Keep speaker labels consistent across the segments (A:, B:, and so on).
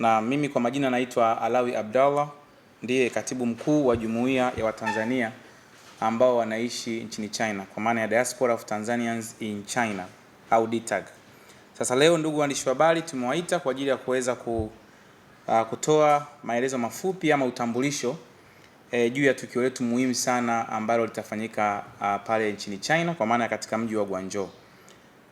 A: na mimi kwa majina naitwa Alawi Abdallah, ndiye katibu mkuu wa jumuiya ya Watanzania ambao wanaishi nchini China kwa maana ya Diaspora of Tanzanians in China au DTAC. Sasa leo, ndugu waandishi wa habari, tumewaita kwa ajili ya kuweza ku, uh, kutoa maelezo mafupi ama utambulisho eh, juu ya tukio letu muhimu sana ambalo litafanyika uh, pale nchini China kwa maana ya katika mji wa Guangzhou.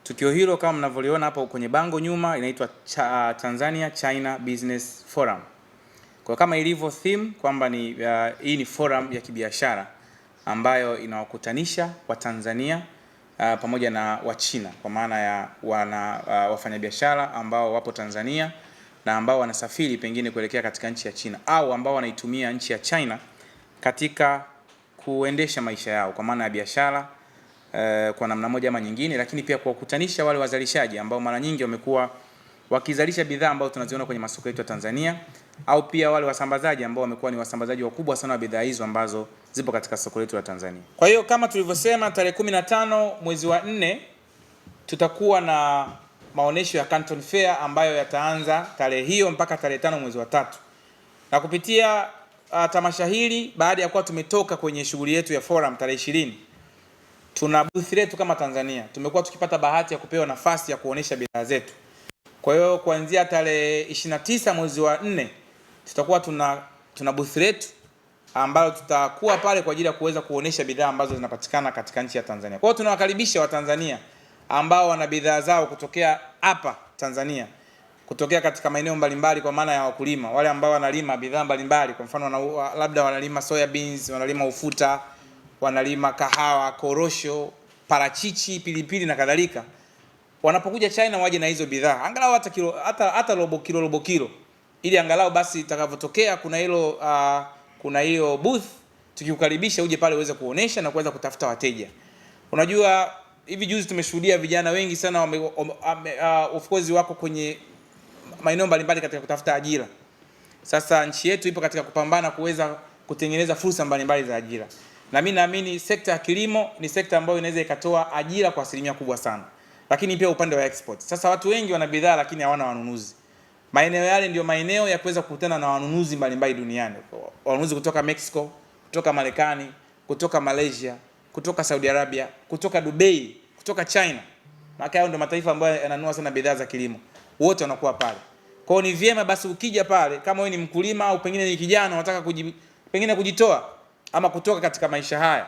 A: Tukio hilo kama mnavyoliona hapo kwenye bango nyuma inaitwa cha, uh, Tanzania China Business Forum. Kwa kama ilivyo theme kwamba ni uh, hii ni forum ya kibiashara ambayo inawakutanisha Watanzania uh, pamoja na Wachina kwa maana ya wana uh, wafanyabiashara ambao wapo Tanzania na ambao wanasafiri pengine kuelekea katika nchi ya China au ambao wanaitumia nchi ya China katika kuendesha maisha yao kwa maana ya biashara Eh, kwa namna moja ama nyingine, lakini pia kuwakutanisha wale wazalishaji ambao mara nyingi wamekuwa wakizalisha bidhaa ambazo tunaziona kwenye masoko yetu ya Tanzania au pia wale wasambazaji ambao wamekuwa ni wasambazaji wakubwa sana wa bidhaa hizo ambazo zipo katika soko letu la Tanzania. Kwa hiyo kama tulivyosema, tarehe tano mwezi wa nne tutakuwa na maonyesho ya Canton Fair ambayo yataanza tarehe hiyo mpaka tarehe tano mwezi wa tatu. Na kupitia uh, tamasha hili baada ya kuwa tumetoka kwenye shughuli yetu ya forum tarehe ishirini tuna booth letu kama Tanzania, tumekuwa tukipata bahati ya kupewa nafasi ya kuonesha bidhaa zetu. Kwa hiyo kuanzia tarehe 29 mwezi wa nne tutakuwa tuna tuna booth letu ambalo tutakuwa pale kwa ajili ya kuweza kuonesha bidhaa ambazo zinapatikana katika nchi ya Tanzania. Kwa hiyo tunawakaribisha Watanzania ambao wana bidhaa zao kutokea hapa Tanzania, kutokea katika maeneo mbalimbali, kwa maana ya wakulima wale ambao wanalima bidhaa mbalimbali, kwa mfano labda wanalima soya beans, wanalima ufuta wanalima kahawa, korosho, parachichi, pilipili na kadhalika, wanapokuja China waje na hizo bidhaa angalau hata kilo, hata hata robo kilo robo kilo, ili angalau basi itakavyotokea kuna hilo uh, kuna hiyo booth, tukikukaribisha uje pale uweze kuonesha na kuweza kutafuta wateja. Unajua hivi juzi tumeshuhudia vijana wengi sana wame, wame, uh, of course wako kwenye maeneo mbalimbali katika kutafuta ajira. Sasa nchi yetu ipo katika kupambana kuweza kutengeneza fursa mbalimbali za ajira na mimi naamini sekta ya kilimo ni sekta ambayo inaweza ikatoa ajira kwa asilimia kubwa sana, lakini pia upande wa export. Sasa watu wengi wana bidhaa lakini hawana wanunuzi. Maeneo yale ndio maeneo ya kuweza kukutana na wanunuzi mbalimbali duniani, wanunuzi kutoka Mexico, kutoka Marekani, kutoka Malaysia, kutoka Saudi Arabia, kutoka Dubai, kutoka China. Maka hayo ndio mataifa ambayo yananua sana bidhaa za kilimo, wote wanakuwa pale. Kwa hiyo ni vyema basi ukija pale, kama wewe ni mkulima au pengine ni kijana unataka kuji, pengine kujitoa ama kutoka katika maisha haya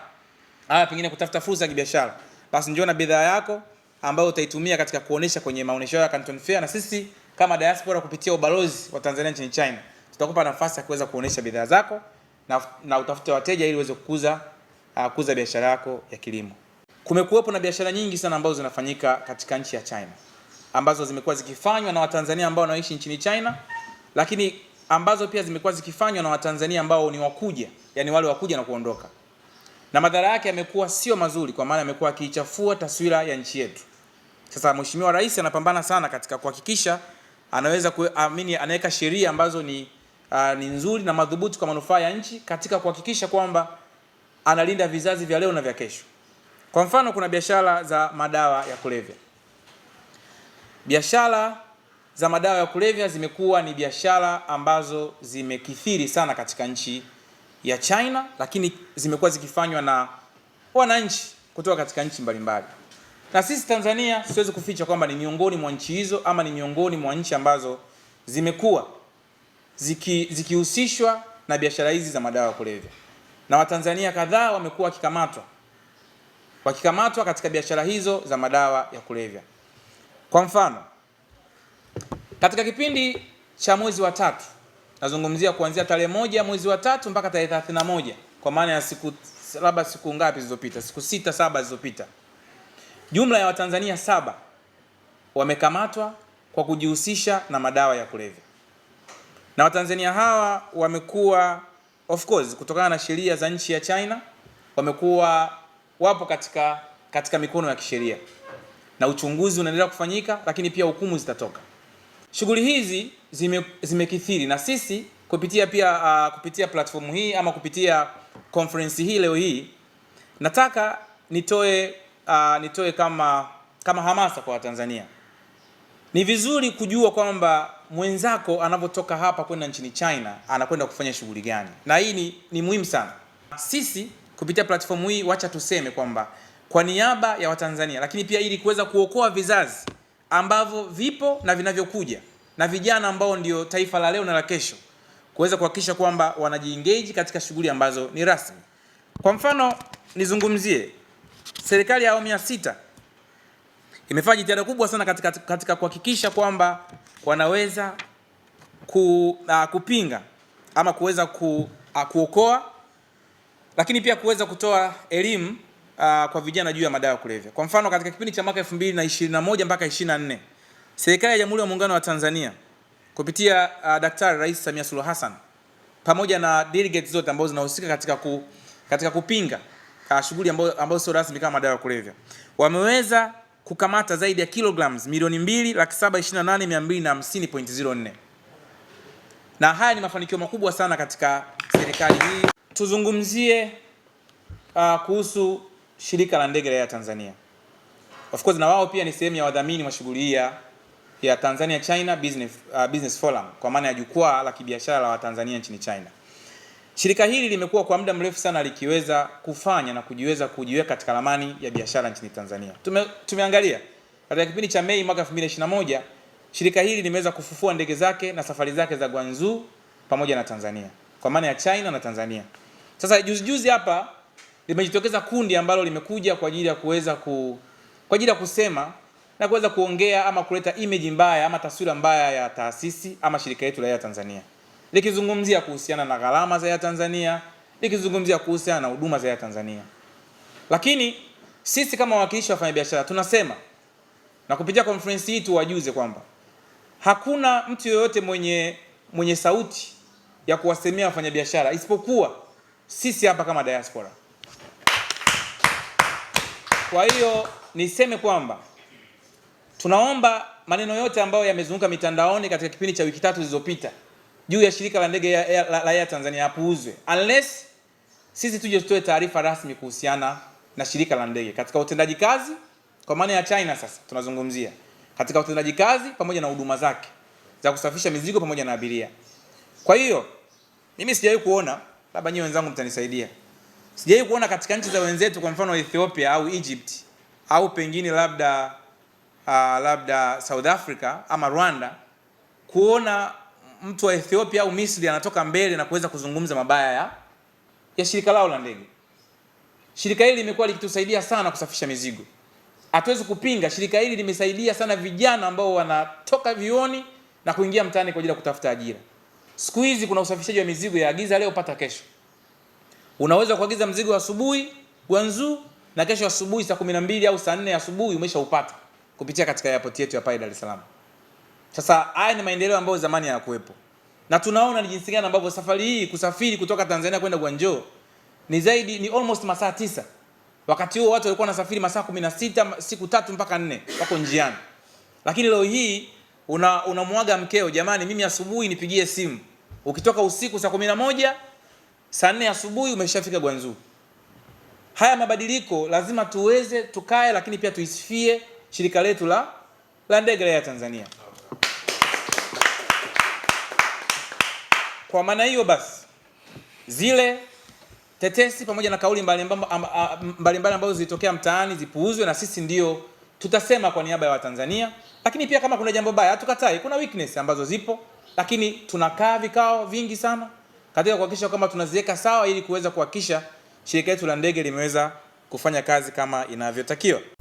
A: haya, pengine kutafuta fursa ya kibiashara, basi njoo na bidhaa yako ambayo utaitumia katika kuonesha kwenye maonesho ya Canton Fair, na sisi kama diaspora kupitia ubalozi wa Tanzania nchini China tutakupa nafasi ya kuweza kuonesha bidhaa zako na, na utafute wateja ili uweze kukuza uh, ah, kuza biashara yako ya kilimo. Kumekuwepo na biashara nyingi sana ambazo zinafanyika katika nchi ya China ambazo zimekuwa zikifanywa na Watanzania ambao wanaishi nchini China, lakini ambazo pia zimekuwa zikifanywa na Watanzania ambao ni wakuja, yani wale wakuja na kuondoka, na madhara yake yamekuwa sio mazuri, kwa maana yamekuwa akiichafua taswira ya nchi yetu. Sasa Mheshimiwa Rais anapambana sana katika kuhakikisha anaweza kuamini, anaweka sheria ambazo ni, uh, ni nzuri na madhubuti kwa manufaa ya nchi katika kuhakikisha kwamba analinda vizazi vya leo na vya kesho. Kwa mfano, kuna biashara za madawa ya kulevya, biashara za madawa ya kulevya zimekuwa ni biashara ambazo zimekithiri sana katika nchi ya China, lakini zimekuwa zikifanywa na wananchi kutoka katika nchi mbalimbali, na sisi Tanzania siwezi kuficha kwamba ni miongoni mwa nchi hizo ama ni miongoni mwa nchi ambazo zimekuwa zikihusishwa ziki na biashara hizi za madawa ya kulevya, na Watanzania kadhaa wamekuwa wakikamatwa wakikamatwa katika biashara hizo za madawa ya kulevya. Kwa mfano katika kipindi cha mwezi wa tatu, nazungumzia kuanzia tarehe moja mwezi wa tatu mpaka tarehe moja kwa maana ya siku labda siku ngapi zilizopita, siku sita saba zilizopita, jumla ya Watanzania saba wamekamatwa kwa kujihusisha na madawa ya kulevya, na Watanzania hawa wamekuwa of course, kutokana na sheria za nchi ya China wamekuwa wapo katika katika mikono ya kisheria, na uchunguzi unaendelea kufanyika, lakini pia hukumu zitatoka. Shughuli hizi zime, zimekithiri na sisi kupitia pia uh, kupitia platform hii ama kupitia conference hii leo hii nataka nitoe uh, nitoe kama kama hamasa kwa Watanzania. Ni vizuri kujua kwamba mwenzako anavyotoka hapa kwenda nchini China anakwenda kufanya shughuli gani, na hii ni, ni muhimu sana. Sisi kupitia platform hii, wacha tuseme kwamba kwa niaba ya Watanzania, lakini pia ili kuweza kuokoa vizazi ambavyo vipo na vinavyokuja na vijana ambao ndio taifa la leo na la kesho, kuweza kuhakikisha kwamba wanajiengage katika shughuli ambazo ni rasmi. Kwa mfano nizungumzie, serikali ya awamu ya sita imefanya jitihada kubwa sana katika, katika kuhakikisha kwamba wanaweza ku, uh, kupinga ama kuweza ku, uh, kuokoa lakini pia kuweza kutoa elimu uh, kwa vijana juu ya madawa ya kulevya. Kwa mfano, katika kipindi cha mwaka 2021 mpaka 24 serikali ya Jamhuri ya Muungano wa Tanzania kupitia uh, Daktari Rais Samia Suluhu Hassan pamoja na delegates zote ambazo zinahusika katika, ku, katika kupinga uh, shughuli ambazo, ambazo sio rasmi kama madawa ya kulevya wameweza kukamata zaidi ya kilograms milioni mbili laki saba ishirini na nane mia mbili na hamsini point zero nne na haya ni mafanikio makubwa sana katika serikali hii. Tuzungumzie uh, kuhusu shirika la ndege la Air Tanzania. Of course na wao pia ni sehemu ya wadhamini wa shughuli hii ya Tanzania China Business, uh, Business Forum kwa maana ya jukwaa la kibiashara la Watanzania nchini China. Shirika hili limekuwa kwa muda mrefu sana likiweza kufanya na kujiweza kujiweka katika ramani ya biashara nchini Tanzania. Tume, tumeangalia katika kipindi cha Mei mwaka 2021 shirika hili limeweza kufufua ndege zake na safari zake za Guangzhou pamoja na Tanzania kwa maana ya China na Tanzania. Sasa juzi juzi hapa limejitokeza kundi ambalo limekuja kwa ajili ya kuweza ku, kwa ajili ya kusema na kuweza kuongea ama kuleta image mbaya ama taswira mbaya ya taasisi ama shirika letu la Air Tanzania, likizungumzia kuhusiana na gharama za Air Tanzania, likizungumzia kuhusiana na huduma za Air Tanzania. Lakini sisi kama wawakilishi wa wafanyabiashara tunasema na kupitia conference hii tuwajuze kwamba hakuna mtu yoyote mwenye mwenye sauti ya kuwasemea wafanyabiashara isipokuwa sisi hapa kama diaspora. Kwa hiyo niseme kwamba tunaomba maneno yote ambayo yamezunguka mitandaoni katika kipindi cha wiki tatu zilizopita juu ya shirika la ndege la Air Tanzania yapuuzwe, unless sisi tuje tutoe taarifa rasmi kuhusiana na shirika la ndege katika utendaji kazi, kwa maana ya China. Sasa tunazungumzia katika utendaji kazi pamoja na huduma zake za kusafisha mizigo pamoja na abiria. Kwa hiyo mimi sijawahi kuona, labda nyinyi wenzangu mtanisaidia Sijai kuona katika nchi za wenzetu, kwa mfano Ethiopia au Egypt au pengine labda uh, labda South Africa ama Rwanda, kuona mtu wa Ethiopia au Misri anatoka mbele na kuweza kuzungumza mabaya ya, ya shirika lao la ndege. Shirika hili limekuwa likitusaidia sana kusafisha mizigo, hatuwezi kupinga. Shirika hili limesaidia sana vijana ambao wanatoka vioni na kuingia mtaani kwa ajili ya kutafuta ajira. Siku hizi kuna usafishaji wa mizigo ya agiza leo pata kesho. Unaweza kuagiza mzigo asubuhi Gwanzu na kesho asubuhi saa 12 au saa 4 asubuhi umeshaupata kupitia katika airport yetu ya pale Dar es Salaam. Sasa haya ni maendeleo ambayo zamani hayakuwepo. Na tunaona ni jinsi gani ambavyo safari hii kusafiri kutoka Tanzania kwenda Gwanjo ni zaidi ni almost masaa tisa. Wakati huo watu walikuwa wanasafiri masaa 16 siku tatu mpaka nne wako njiani. Lakini leo hii una unamwaga mkeo, jamani, mimi asubuhi nipigie simu. Ukitoka usiku saa 11 saa nne asubuhi umeshafika Gwanzu. Haya mabadiliko lazima tuweze tukae, lakini pia tuisifie shirika letu la la ndege la Tanzania. Kwa maana hiyo basi, zile tetesi pamoja na kauli mbalimbali mbalimbali ambazo zilitokea mtaani zipuuzwe, na sisi ndio tutasema kwa niaba ya Watanzania. Lakini pia kama kuna jambo baya hatukatai, kuna weakness ambazo zipo, lakini tunakaa vikao vingi sana katika kuhakikisha kama tunaziweka sawa ili kuweza kuhakikisha shirika letu la ndege limeweza kufanya kazi kama inavyotakiwa.